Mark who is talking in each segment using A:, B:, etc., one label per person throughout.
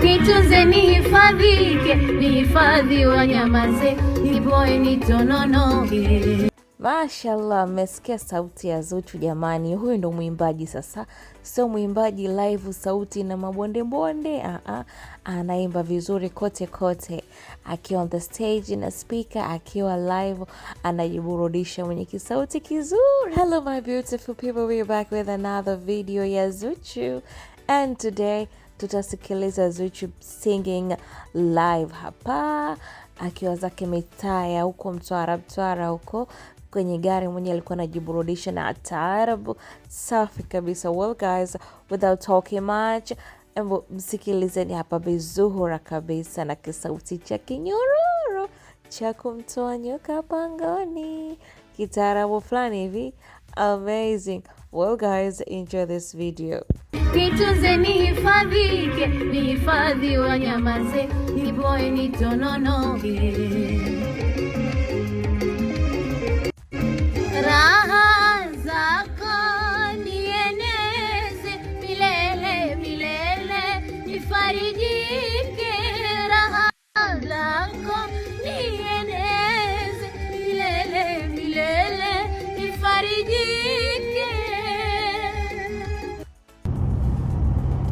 A: Kitunze nihifadhike, nihifadhi wanyama zetu, nipoe nitononoke.
B: Mashallah, mmesikia sauti ya Zuchu jamani, huyu ndo mwimbaji sasa, sio mwimbaji live sauti na mabondebonde. Aha, ah. anaimba vizuri kote kote, akiwa on the stage na speaker, akiwa live anajiburudisha mwenye kisauti kizuri. Hello my beautiful people, we are back with another video ya Zuchu and today tutasikiliza Zuchu singing live hapa akiwa zake mitaa huko Mtwara, Mtwara huko kwenye gari mwenye alikuwa anajiburudisha na taarabu safi kabisa. Well guys, without talking much, hebu msikilizeni hapa Bi kabisa na kisauti cha kinyururu cha kumtoa nyoka pangoni, kitaarabu fulani hivi. Amazing. Well guys, enjoy this video
A: hifadhi nihifadhike, nihifadhi wanyama zetu, nipoe, nitononoke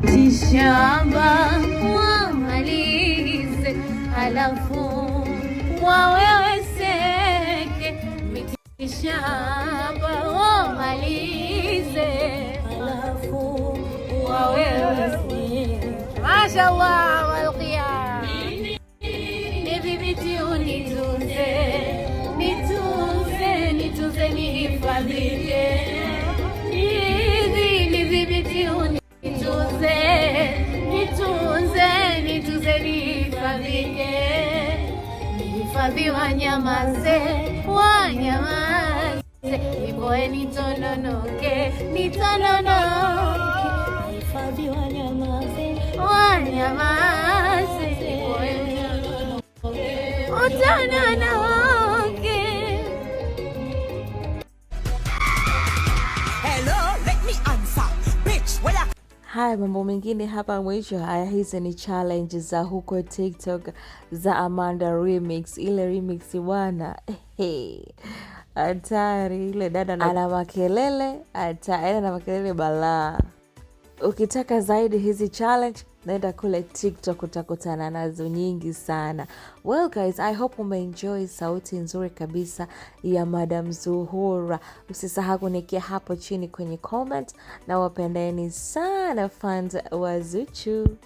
A: Jishamba wamalize, halafu waweweseke. Mitishamba wamalize, halafu waweweseke.
B: Mashallah, walqia
A: nidhibiti, unitunze, nitunze, nitunze, nihifadhike Wapi wanyamaze, wanyamaze, ipoe nitononoke, nitononoke, wanyamaze, wanyamaze, ipoe nitononoke,
B: Haya, mambo mengine hapa mwisho. Haya, hizi ni challenge za huko TikTok za Amanda Remix, ile remix bwana hatari hey. Ile dada na... ana makelele hatari, yaani ana makelele balaa. Ukitaka zaidi hizi challenge naenda kule TikTok utakutana nazo nyingi sana. Well guys, I hope umeenjoy sauti nzuri kabisa ya Madam Zuhura. Usisahau kunikia hapo chini kwenye comment, na wapendeni sana fans wa Zuchu.